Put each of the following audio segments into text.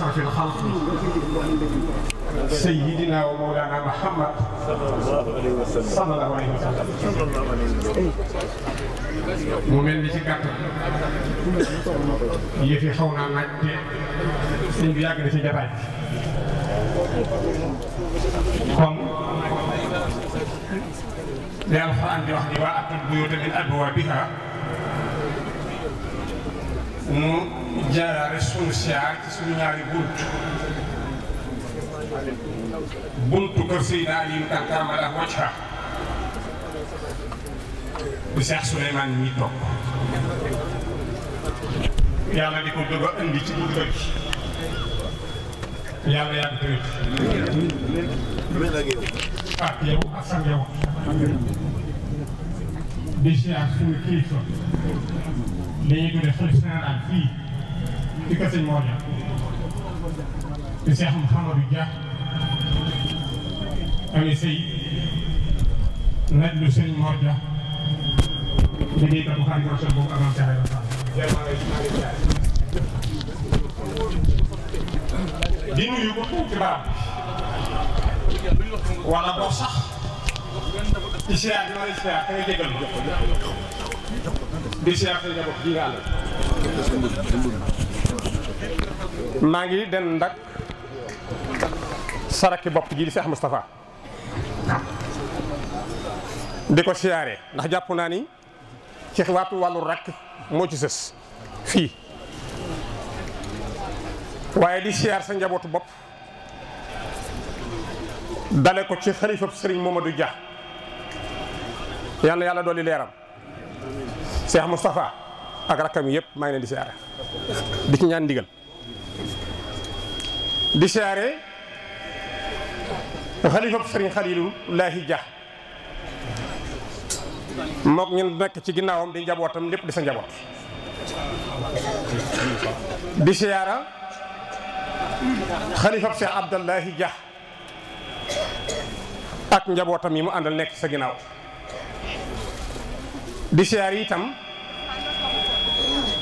أشرف الخلق سيدنا ومولانا محمد صلى الله عليه وسلم mu mel ni ci gàttal yëf yi xaw naa naaj te sëñ bi yàgg na ci jataay kon li alxuraan di wax ni waa atul buyuuta min abwaabihaa mu jaaraale sunu siyaar ci sunu ñaari bunt buntu kër Seydina Aliou Kan Karamallaahu wajhahu bu Cheikh Souleymane mi toog yàlla di ko dëgg a indi ci buntu kër gi yàlla yàgg tamit ah yow ak sang yow de a suñu kilifa dañuy tuddee xalifa général vida, fica sem sëñ Mor di Cheikh Mouhamadou Dia amee sëy naj lu sëñ Mor Dia liggéey kat bu xaar yoo xam boobu amoon Cheikh Ibrahima di siyaar maa ngi den ndak saraki bopp ji di Cheikh Moustapha di ko siyaare ndax jàpp naa ni ci waatu wàllu rakk moo ci sës fii waaye di siyaar sa njabootu bopp dale ko ci xalifab sëriñ Momadou Dia yalla yalla doli leram Cheikh mustafa ak rakam yep maa ngi di ziaré di ci ñaan digal di ziaré khalifa Serigne khalilullah Lahi mok mook ñun nekk ci ginnaawam di njabotam lepp di sa njabot di ziaré khalifa Cheikh abdallah Dia ak njabotam yi mu andal nek sa ginnaaw di siyaar itam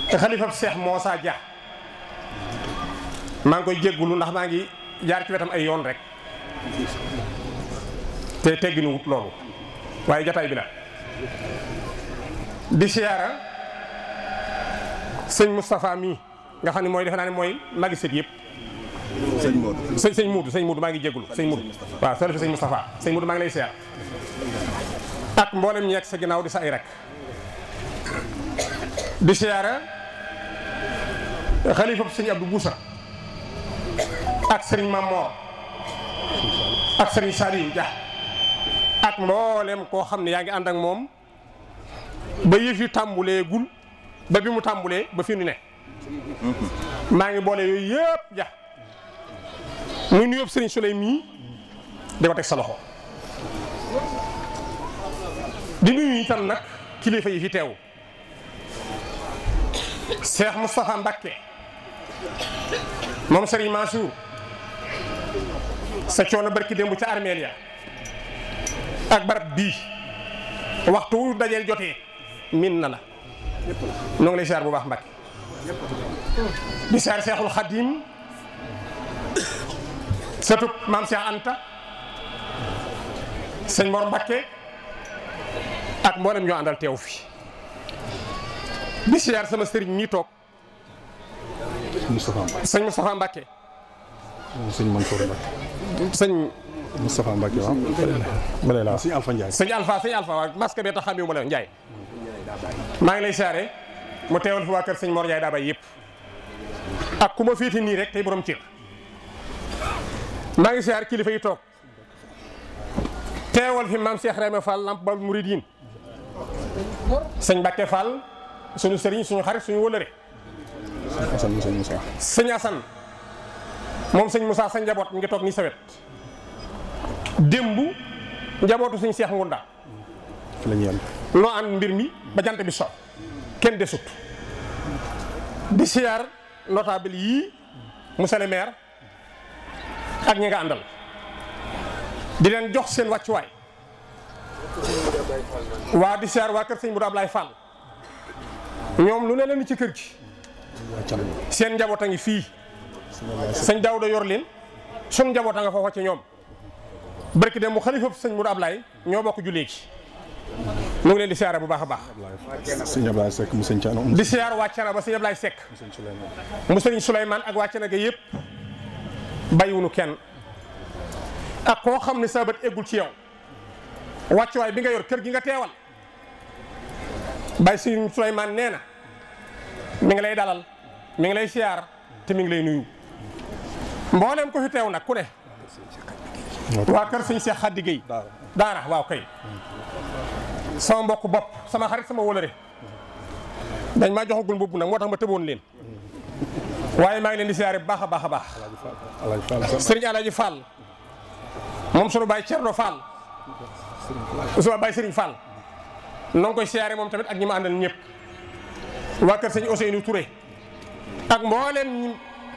khalifa cheikh mossa Dia mang koy jéggulu ndax mang gi jaar ci wetam ay yon rek te teggi wut lolu waye jataay bi la di siyaara seigne mustapha mi nga xam moy defana moy naa ne mooy magisit yëpp sëñ Moodu sëñ Moodu seigne Moodu wa seigne mustapha seigne Moodu waaw lay siyaar ak mboolem ñek sa ginaaw di sa ay rek di siyaara xalifa sëñ Abdou Boussa ak sëriñ Mamor ak sëriñ Saliou Dia ak mboolem koo xam ne yaa ngi ànd ak moom ba yëf yu tàmbulee gul ba bi mu tàmbulee ba fi nu ne maa ngi boole yooyu yëpp ja muy nuyoo sëriñ Souley mii di ko sa loxo di nuyu itam nag kilifa yi fi teew. Cheikh Moustapha Mbacké moom Serigne Mansour sa coono barki démb ca armeel ya ak barab bii waxtu wu dajeel jotee min na la noo ngi lay siyaar bu baax Mbacké di siyaar Seexul Xadim satub maam Cheikh Anta sëñ Mor Mbacké ak mboolem ñoo àndal teew fi di siyaar sama sëriñ mii toog. Moustapha Mbacke sëñ Moustapha Mbacke. sëñ Mansour Mbacke. sëñ. Moustapha Mbacke waaw. bële la waaw sëñ Alpha Ndiaye. sëñ tax xam ma la Ndiaye. maa ngi lay siyaare mu teewal fi waa kër sëñ Mor Ndiaye daa bay yëpp. ak ku ma féete nii rek tey borom cër. maa ngi siyaar kilifa yi toog. teewal fi maam Cheikh Reme Fall lamp bal muridin sëñ Mbacke Fall. suñu sëriñ suñu xarit suñu wëlëré sëñ asan mom sëñ musa sa jabot ngi tok ni sa wet démb njabootu sëñ Seex Ngunda lo and mbir mi ba jant bi so kenn desut di siar notable yi musale maire ak ñinga andal di len jox seen way wa di siyaar wa keur sëñ Boudou Ablaye Fall ñoom lu ne leen ci kër gi seen njaboot a ngi fii sëñ da yor leen sun njaboot a nga foofa ci ñoom barki dem bu xalifa sëñ Mourou Ablaye ñoo bokk jullee ci mu ngi leen di siyaare bu baax a baax. sëñ Ablaye Seck mu sëñ Thiana. di siyaar waa Thiana ba sëñ Ablaye Seck. mu sëñ Souleymane ak waa Thiana ga yëpp bàyyiwunu kenn ak koo xam ne sa bët eggul ci yow wàccuwaay bi nga yor kër gi nga teewal bàyyi sëñ Souleymane nee na mi ngi lay dalal mi ngi lay siyaar te mi ngi lay nuyu mbooleem ko fi teew nag ku ne waa kër sëñ Cheikh Khady Gueye daara waaw kay sama mbokk bopp sama xarit sama wólëre dañ maa joxagul mbubb nag moo tax ma tëboon leen waaye maa ngi leen di siyaare bu baax a baax a baax sëriñ Alaaji Fall moom sunu baay Cerno Fall sunu baay sëriñ Fall noo ngi koy siyaare moom tamit ak ñi ma àndal ñëpp waa kër sëñ Ousseynou Touré ak mbooleem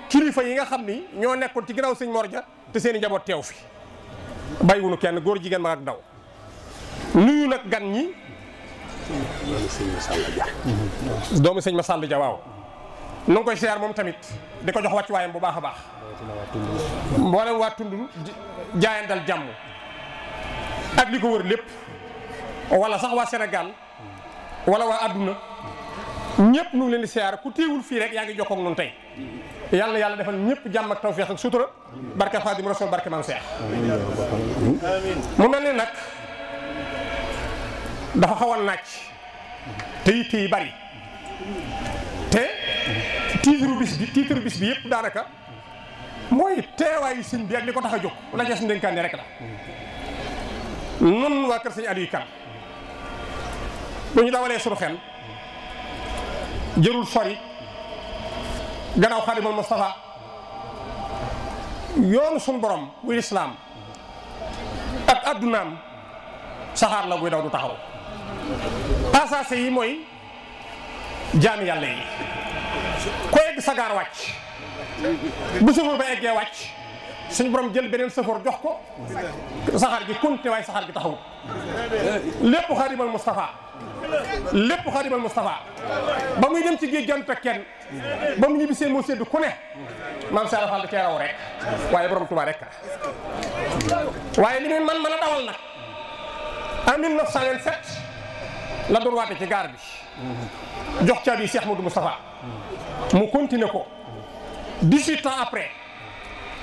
kilifa yi nga xam ni ñoo nekkoon ci ginnaaw sëñ ja te seen njaboot teew fi bàyyiwunu kenn góor jigéen mag ak ndaw nuyu nag gan ñi. doomu sëñ Masamba Dia waaw. nu ngi koy siyaar moom tamit di ko jox wàccuwaayam bu baax a baax. mboolem waa tund jaayantal jàmm ak li ko wër lépp wala sax waa Sénégal wala waa àdduna ñëpp nu leen di siyaar ku téewul fii rek yaa ngi jokkoog noonu tey yàlla yàlla defal ñëpp jàmm ak tawfeex ak sutura barke Xaadim Rasuul barke Maam Seex mu mel ne nag dafa xaw naaj te yitte yi bari te tiitru bis bi tiitru bis bi yëpp daanaka mooy teewaayu sëñ bi ak li ko tax a jóg la ca suñ dénkaan rek la nun waa kër sëñ Aliou Kan bu ñu dawalee sunu xel jërul sori gannaaw xaadimal Mustafa yoonu suñ borom bu ak addunaam saxaar la buy daw du taxaw passage yi mooy jaami yàlla yi ko egg sa gaar bu sufur ba eggee wàcc سن برام جيل بنين سفر جوحكو سحر جي كنت واي سحر جي تحو لب خارب المصطفى لب خارب المصطفى بامي دم تجي جان تكين بامي بسي موسي دو كونه مام سارا فالك كيرا وره واي برام تبا ركا واي لمن من من دولنا امين نفسان ست لا واتي تي غاربي جوحكا بي سيح مدو مصطفى مو كنت نكو 18 ans après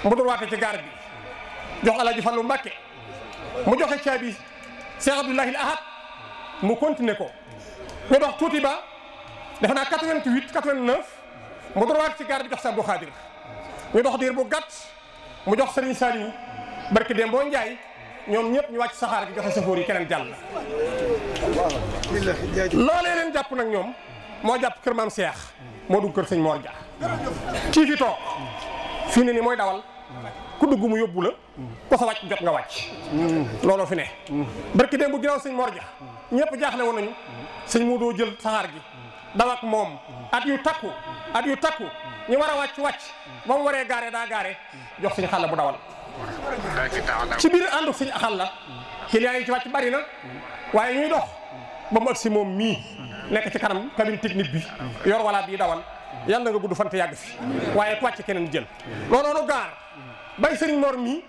mu doon waate ci gaar bi jox alaaji Fallu Mbàkke mu joxe caabi Cheikh Abdoulahi Ahad mu continuer ko ñu dox tuuti ba def naa 88 89 mu doon waate ci gaar bi jox sa Abdou Xaadir ñu dox diir bu gàtt mu jox Serigne Saliou barki dem boo Njaay ñoom ñëpp ñu wàcc saxaar gi joxe sa yi keneen jàll loolee leen jàpp nag ñoom moo jàpp kër maam Cheikh moo dugg kër sëñ Mor Dia kii fi fii ne ni mooy dawal ku dugg mu yóbbu la ko sa wàcc jot nga wàcc looloo fi ne barki dem bu ginnaaw sëñ Mor Ja ñëpp jaaxle woon nañu sëñ mu doo jël saxaar gi daw moom at yu takku at yu takku ñu war a wàcc wàcc ba mu waree gaare daa gaare jox sëñ xàlla bu dawal ci biir àndu sëñ xàlla client yi ci wàcc bari na waaye ñuy dox ba mu si moom mii nekk ci kanam cabine technique bi yor wala bii dawal yàlla nga gudd fante yàgg fi waaye ku wàcc keneen jël looloonu gaar bay sëriñ Mor mi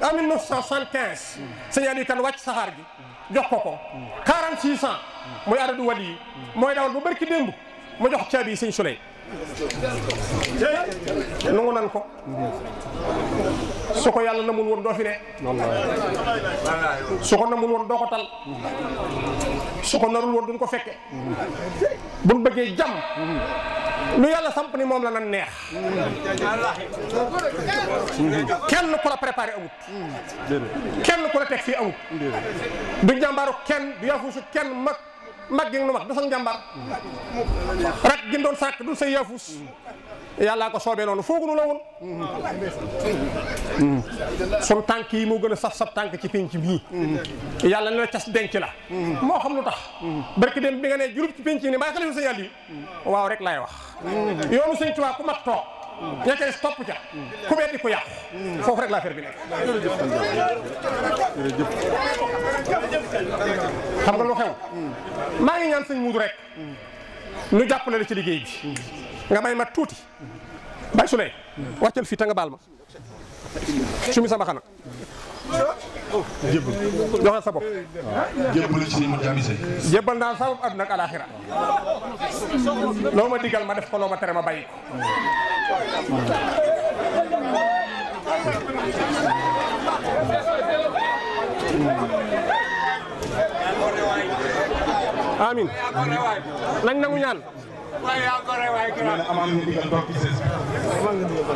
en 1975 sëñ Aliou kan wàcc saxaar gi jox ko ko 46 ans muy aradu wali yi mooy dawal ba barki démb moo jox caabi sëñ Souley nangu nan ko su ko yàlla namul woon doo fi ne su ko namul woon doo ko tal su ko narul woon duñ ko fekke buñ bëggee jàmm lu yàlla samp ni moom la nan neex kenn ku la préparé amut kenn ku la teg fii amut du jàmbaaru kenn du yafuusu kenn mag mag gi nu mag du sax njàmbar rak gi doon sàkk du sa yaafus yàllaa ko soobee noonu foogunu la woon sun tànk yi moo gën a saf saf tànk ci penc bii yàlla ne la cas denc la moo xam lu tax barki dem bi nga ne jurub ci penc yi ni mbaa xalifa sa yàlla yi waaw rek laay wax yoonu sëñ Tuubaa ku mat toog ña ca des topp ca ku yàqu foofu rek la affaire bi nekk xam nga lu xew maa ngi ñaan sëñ muudu rek ñu jàppale la ci liggéey bi nga may ma tuuti bay su lay wàccal fii ta baal ma su mi sama xana jëbbal joxal sa bopp jëbbal ci ni jamisé jëbbal naa sama aduna ak alakhira loo digal ma def ko loo ma ma amin nangu ñaan ya ko ko amam digal tok ci